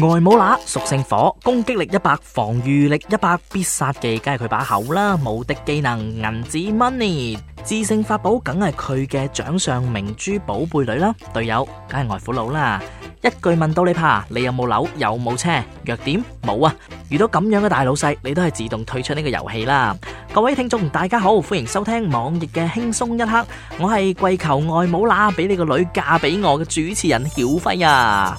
外母乸，屬性火，攻擊力一百，防御力一百，必殺技梗係佢把口啦。無敵技能銀紙 money，致勝法寶梗係佢嘅掌上明珠寶貝女啦。隊友梗係外父佬啦。一句問到你怕，你有冇樓，有冇車？弱點冇啊？遇到咁樣嘅大老細，你都係自動退出呢個遊戲啦。各位聽眾大家好，歡迎收聽網易嘅輕鬆一刻，我係跪求外母乸俾你個女嫁俾我嘅主持人曉輝啊。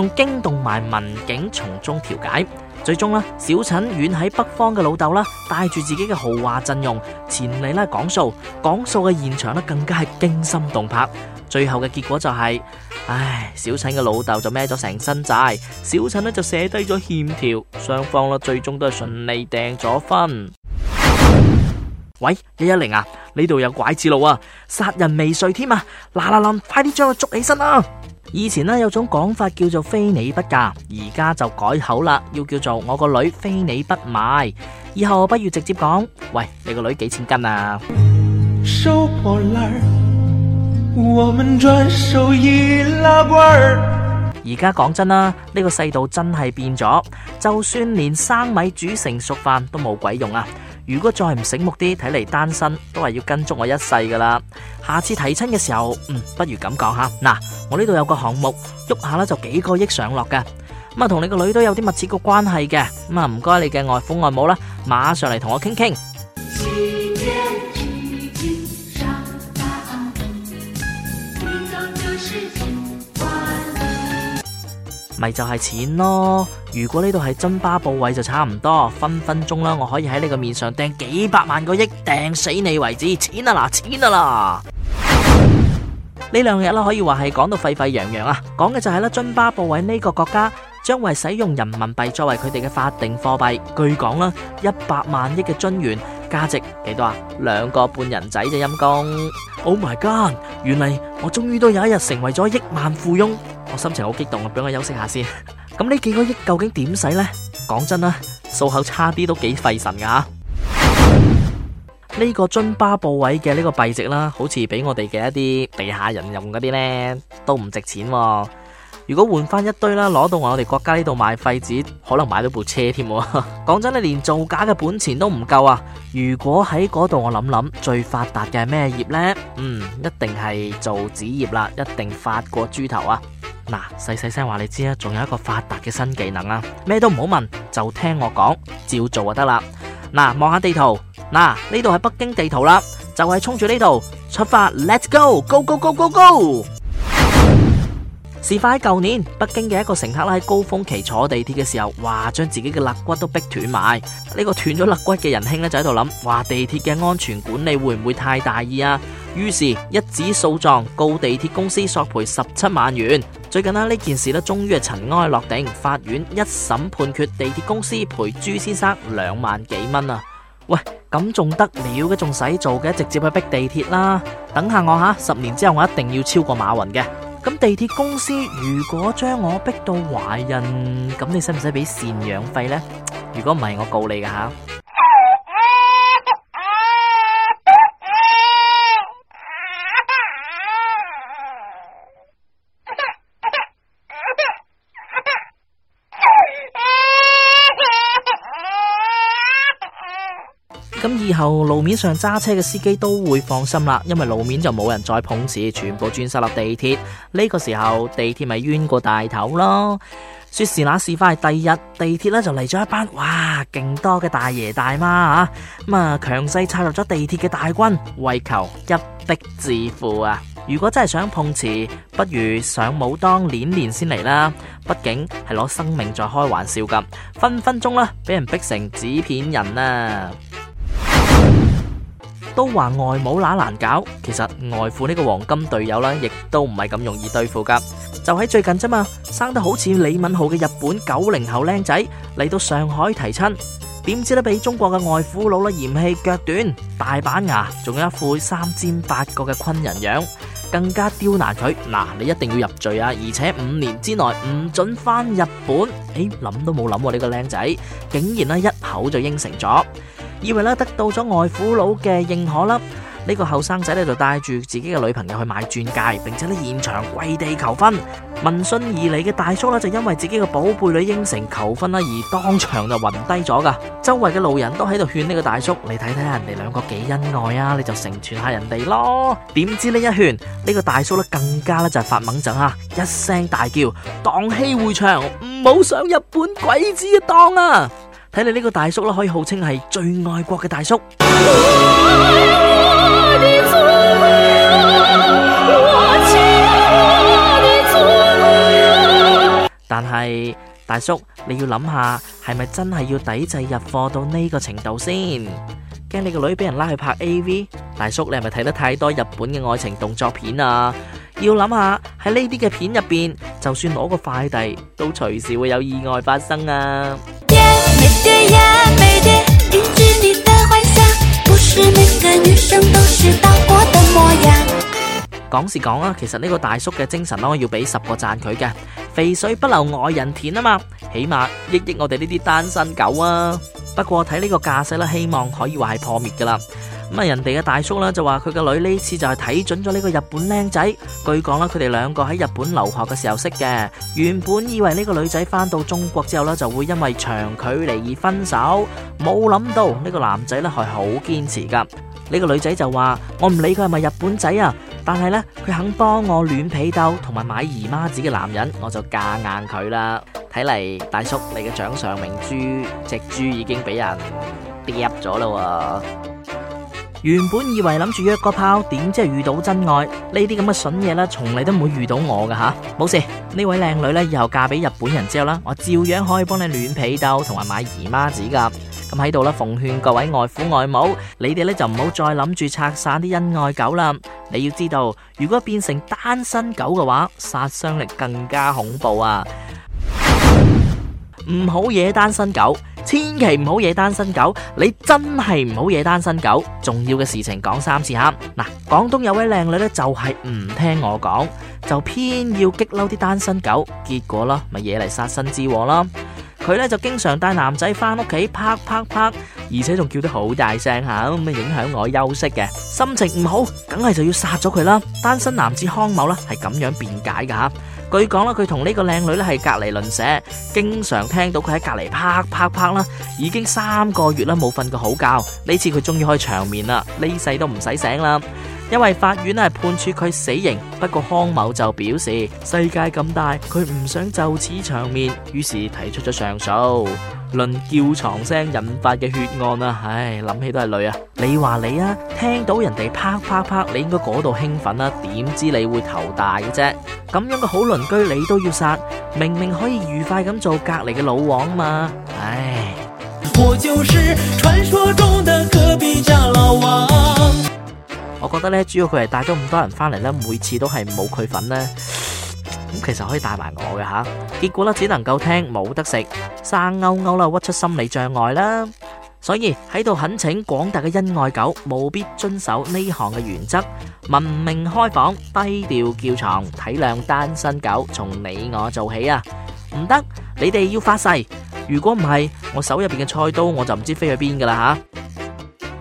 仲驚動埋民警從中調解，最終呢，小陳遠喺北方嘅老豆啦，帶住自己嘅豪華陣容前嚟咧講數，講數嘅現場呢，更加係驚心動魄。最後嘅結果就係，唉，小陳嘅老豆就孭咗成身債，小陳呢就寫低咗欠條，雙方呢最終都係順利訂咗婚。喂，一一零啊，呢度有拐子路啊，殺人未遂添啊，嗱嗱嗱，快啲將佢捉起身啦！以前呢，有種講法叫做非你不嫁，而家就改口啦，要叫做我個女非你不買。以後不如直接講，喂，你個女幾錢斤啊？收破爛，我們專收易拉罐。而家講真啦，呢個世道真係變咗，就算連生米煮成熟飯都冇鬼用啊！如果再唔醒目啲，睇嚟單身都係要跟足我一世噶啦。下次提親嘅時候，嗯，不如咁講吓嗱，我呢度有個項目，喐下咧就幾個億上落嘅咁啊，同你個女都有啲密切個關係嘅咁啊，唔該你嘅外父外母啦，馬上嚟同我傾傾。咪就係錢咯！如果呢度係津巴布韋就差唔多， 分分鐘啦，我可以喺你個面上掟幾百萬個億掟死你為止，錢啊嗱，錢啊啦！呢 兩日啦，可以話係講到沸沸揚揚啊，講嘅就係、是、啦，津巴布韋呢個國家將會使用人民幣作為佢哋嘅法定貨幣。據講啦，一百萬億嘅津元價值幾多啊？兩個半人仔就陰公。Oh my god！原來我終於都有一日成為咗億萬富翁。我心情好激動啊，俾我休息下先。咁 呢幾個億究竟點使呢？講真啦，數口差啲都幾費神噶。呢 個津巴布韋嘅呢個幣值啦，好似俾我哋嘅一啲地下人用嗰啲呢，都唔值錢。如果換翻一堆啦，攞到我哋國家呢度賣廢紙，可能買到部車添。講真，你連造假嘅本錢都唔夠啊！如果喺嗰度，我諗諗、 啊、最發達嘅咩業呢？嗯，一定係做紙業啦，一定發過豬頭啊！嗱，細細聲話你知啦，仲有一個發達嘅新技能啊，咩都唔好問，就聽我講，照做就得啦。嗱、啊，望下地圖，嗱呢度係北京地圖啦，就係衝住呢度出發，Let's go，go go go go go, go。事發喺舊年，北京嘅一個乘客喺高峰期坐地鐵嘅時候，哇，將自己嘅肋骨都逼斷埋。呢、這個斷咗肋骨嘅仁兄咧就喺度諗，哇，地鐵嘅安全管理會唔會太大意啊？於是，一紙訴狀告地鐵公司索賠十七萬元。最近啦，呢件事咧終於係塵埃落定，法院一審判決地鐵公司賠朱先生兩萬幾蚊啊！喂，咁仲得了嘅，仲使做嘅，直接去逼地鐵啦！等下我吓，十年之後我一定要超過馬雲嘅。咁地鐵公司如果將我逼到懷孕，咁你使唔使俾贍養費呢？如果唔係，我告你㗎吓。咁以後路面上揸車嘅司機都會放心啦，因為路面就冇人再碰瓷，全部轉晒落地鐵。呢個時候地鐵咪冤過大頭咯？說時那時快第二日，地鐵咧就嚟咗一班哇，勁多嘅大爺大媽啊，咁啊強勢插入咗地鐵嘅大軍，為求一逼致富啊！如果真係想碰瓷，不如上武當練練先嚟啦，畢竟係攞生命在開玩笑噶，分分鐘啦俾人逼成紙片人啊！都話外母乸難搞，其實外父呢個黃金隊友呢，亦都唔係咁容易對付噶。就喺最近咋嘛，生得好似李敏鎬嘅日本九零後靚仔嚟到上海提親，點知咧俾中國嘅外父佬呢嫌棄腳短、大板牙，仲有一副三尖八角嘅昆人樣，更加刁難佢。嗱，你一定要入贅啊，而且五年之內唔准翻日本。誒，諗都冇諗呢個靚仔，竟然咧一口就應承咗。以為咧得到咗外父老嘅認可啦，呢個後生仔咧就帶住自己嘅女朋友去買鑽戒，並且咧現場跪地求婚。聞訊而嚟嘅大叔咧就因為自己嘅寶貝女應承求婚啦，而當場就暈低咗噶。周圍嘅路人都喺度勸呢個大叔，你睇睇人哋兩個幾恩愛啊，你就成全下人哋咯。點知呢一勸，呢個大叔咧更加咧就發猛震啊，一聲大叫，蕩氣迴腸，唔好上日本鬼子嘅當啊！睇你呢個大叔啦，可以號稱係最愛國嘅大，大叔。但係，大叔你要諗下，係咪真係要抵制日貨到呢個程度先？驚你個女俾人拉去拍 AV？大叔你係咪睇得太多日本嘅愛情動作片啊？要諗下喺呢啲嘅片入邊，就算攞個快遞，都隨時會有意外發生啊！講、yeah, yeah, 時講啊，其實呢個大叔嘅精神咧，我要俾十個讚佢嘅。肥水不流外人田啊嘛，起碼益益我哋呢啲單身狗啊。不過睇呢個架勢啦，希望可以話係破滅噶啦。咁啊，人哋嘅大叔咧就話佢個女呢次就係睇準咗呢個日本靚仔。據講啦，佢哋兩個喺日本留學嘅時候識嘅。原本以為呢個女仔翻到中國之後呢，就會因為長距離而分手，冇諗到呢個男仔呢，係好堅持噶。呢個女仔就話：我唔理佢係咪日本仔啊，但係呢，佢肯幫我暖被竇同埋買姨媽子嘅男人，我就嫁硬佢啦。睇嚟，大叔你嘅掌上明珠隻豬已經俾人跌咗啦。原本以為諗住約個炮，點知遇到真愛？呢啲咁嘅筍嘢咧，從嚟都唔會遇到我噶。吓。啊，冇事，呢位靚女咧，以後嫁俾日本人之後啦，我照樣可以幫你暖被竇同埋買姨媽紙噶。咁喺度啦，奉勸各位外父外母，你哋呢就唔好再諗住拆散啲恩愛狗啦。你要知道，如果變成單身狗嘅話，殺傷力更加恐怖啊！唔好 惹單身狗。千祈唔好惹單身狗，你真係唔好惹單身狗。重要嘅事情講三次吓！嗱，廣東有位靚女咧，就係唔聽我講，就偏要激嬲啲單身狗，結果啦，咪惹嚟殺身之禍咯。佢咧就經常帶男仔翻屋企啪啪啪，而且仲叫得好大聲吓，咁影響我休息嘅，心情唔好，梗係就要殺咗佢啦。單身男子康某啦，係咁樣辯解噶。據講啦，佢同呢個靚女咧係隔籬鄰舍，經常聽到佢喺隔籬啪啪啪啦，已經三個月啦冇瞓過好覺。呢次佢終於可以長眠啦，呢世都唔使醒啦。因為法院係判處佢死刑，不過康某就表示世界咁大，佢唔想就此長眠。」於是提出咗上訴。論叫床聲引發嘅血案啊，唉，諗起都係累啊！你話你啊，聽到人哋啪啪啪啪，你應該嗰度興奮啦，啊，點知你會頭大嘅啫？咁樣嘅好鄰居你都要殺，明明可以愉快咁做隔籬嘅老王嘛，唉！我就是傳說中嘅隔壁家老王。我覺得咧，主要佢係帶咗咁多人翻嚟咧，每次都係冇佢份呢。咁其實可以帶埋我嘅吓，結果咧只能夠聽冇得食，生勾勾啦，屈出心理障礙啦，所以喺度懇請廣大嘅恩愛狗務必遵守呢項嘅原則，文明開房，低調叫床，體諒單身狗，從你我做起啊！唔得，你哋要發誓，如果唔係，我手入邊嘅菜刀我就唔知飛去邊噶啦吓。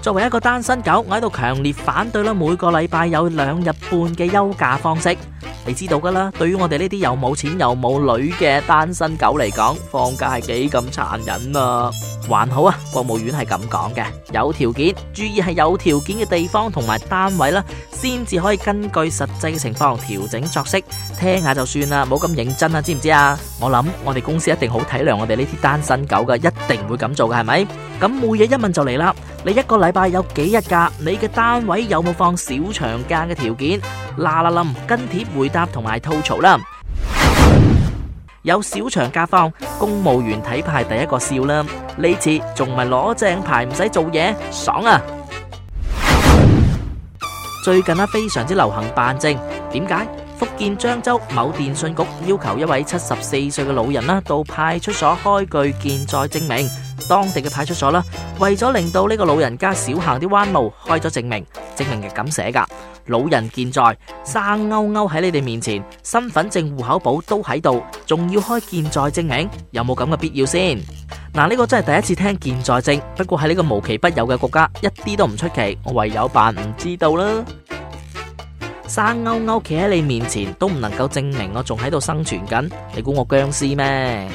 作為一個單身狗，我喺度強烈反對啦，每個禮拜有兩日半嘅休假方式。你知道噶啦，對於我哋呢啲又冇錢又冇女嘅單身狗嚟講，放假係幾咁殘忍啊！還好啊，國務院係咁講嘅，有條件，注意係有條件嘅地方同埋單位啦，先至可以根據實際嘅情況調整作息，聽下就算啦，唔好咁認真啊，知唔知啊？我諗我哋公司一定好體諒我哋呢啲單身狗噶，一定唔會咁做噶，係咪？咁每日一問就嚟啦，你一個禮拜有幾日假？你嘅單位有冇放小長假嘅條件？嗱嗱臨跟帖回答同埋吐槽啦，有小長假放，公務員睇怕第一個笑啦。呢次仲咪攞正牌，唔使做嘢，爽啊！最近啊，非常之流行辦證，點解？福建漳州某電信局要求一位七十四歲嘅老人啦，到派出所開具健在證明。當地嘅派出所啦，為咗令到呢個老人家少行啲彎路，開咗證明。證明係咁寫噶，老人健在，生勾勾喺你哋面前，身份證、戶口簿都喺度，仲要開健在證明，有冇咁嘅必要先？嗱，呢個真係第一次聽健在證。不過喺呢個無奇不有嘅國家，一啲都唔出奇。我唯有扮唔知道啦。生勾勾企喺你面前都唔能夠證明我仲喺度生存緊，你估我僵屍咩？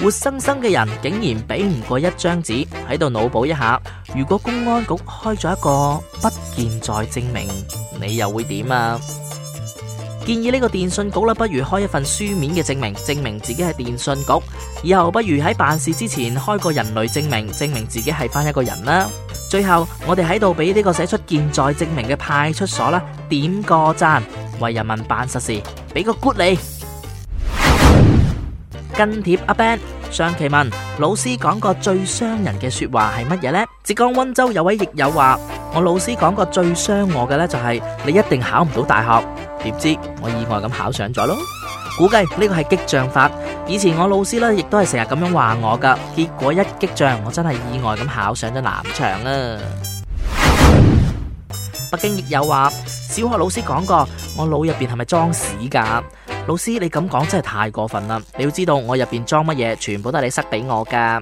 活生生嘅人竟然比唔過一張紙喺度，腦補一下。如果公安局開咗一個不健在證明，你又會點啊？建議呢個電信局啦，不如開一份書面嘅證明，證明自己係電信局。以後不如喺辦事之前開個人類證明，證明自己係返一個人啦。最後，我哋喺度俾呢個寫出健在證明嘅派出所啦，點個贊，為人民辦實事，俾個 good 你。跟帖阿 Ben，上期問老師講過最傷人嘅說話係乜嘢呢？浙江溫州有位亦友話：，我老師講過最傷我嘅呢、就是，就係你一定考唔到大學。點知我意外咁考上咗咯。估計呢個係激將法，以前我老師咧亦都係成日咁樣話我噶，結果一激將，我真係意外咁考上咗藍翔啦。 北京亦有話，小學老師講過，我腦入邊係咪裝屎噶？老師，你咁講真係太過分啦！你要知道，我入邊裝乜嘢，全部都係你塞俾我噶。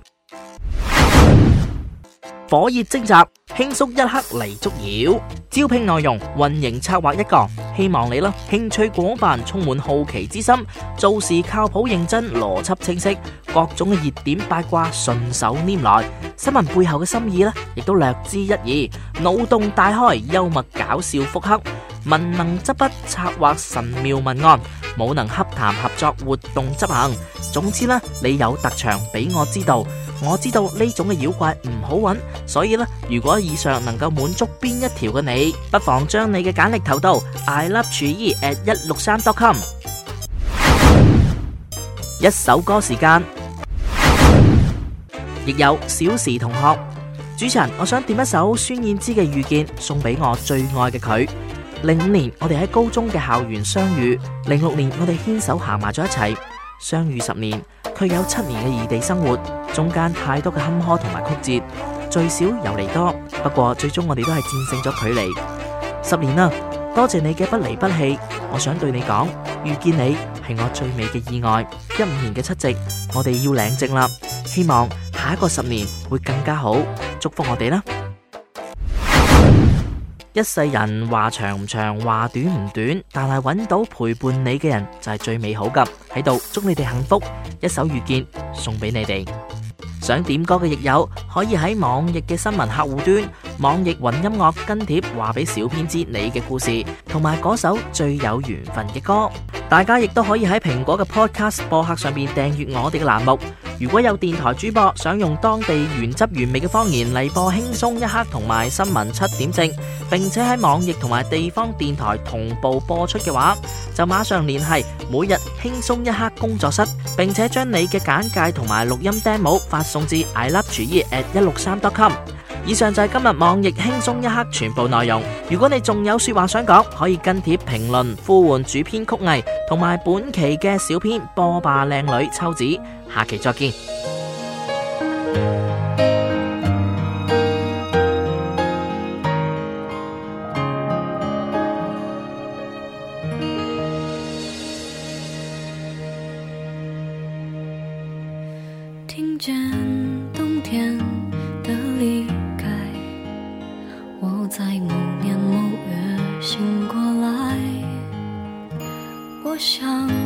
火熱徵集，輕鬆一刻嚟捉妖。招聘內容：運營策劃一個，希望你啦，興趣廣泛，充滿好奇之心，做事靠譜認真，邏輯清晰，各種嘅熱點八卦順手拈來，新聞背後嘅心意呢，亦都略知一二，腦洞大開，幽默搞笑腹黑，文能執筆策劃神妙文案，武能洽談合作活動執行。總之呢，你有特長俾我知道。我知道呢種嘅妖怪唔好揾，所以呢，如果以上能夠滿足邊一條嘅你，不妨將你嘅簡歷投到 i love tree at 163 dot com。 一首歌時間， 亦有小時同學主持人：「我想點一首孫燕姿嘅《遇見》，送俾我最愛嘅佢。零五年我哋喺高中嘅校園相遇，零六年我哋牽手行埋咗一齊。相遇十年，佢有七年嘅異地生活，中間太多嘅坎坷同埋曲折，聚少離多。不過最終我哋都係戰勝咗距離。十年啦，多謝你嘅不離不棄，我想對你講，遇見你係我最美嘅意外。一五年嘅七夕，我哋要領證啦，希望下一個十年會更加好，祝福我哋啦。一世人話長唔長，話短唔短，但係揾到陪伴你嘅人就係最美好噶。喺度祝你哋幸福，一首遇見送俾你哋。想點歌嘅益友可以喺網易嘅新聞客戶端網易雲音樂跟帖，話俾小編知你嘅故事同埋嗰首最有緣分嘅歌。大家亦都可以喺蘋果嘅 Podcast 播客上面訂閱我哋嘅欄目。如果有電台主播想用當地原汁原味嘅方言嚟播輕鬆一刻同埋新聞七點正，並且喺網易同埋地方電台同步播出嘅話，就馬上聯繫每日輕鬆一刻工作室，並且將你嘅簡介同埋錄音 demo 發送至 i love 主義 at 一六三 .com。以上就係今日網易輕鬆一刻全部內容。如果你仲有說話想講，可以跟帖評論，呼喚主編曲藝同埋本期嘅小編播霸靚女秋子。下期再見。聽見冬天的離開，我在某年某月醒過來，我想。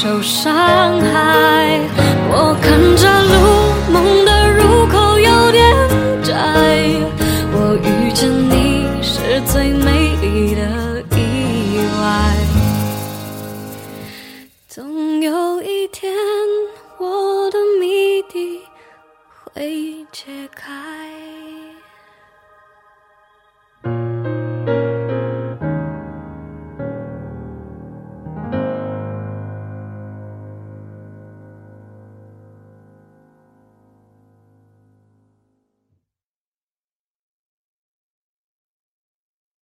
受傷害，我看着。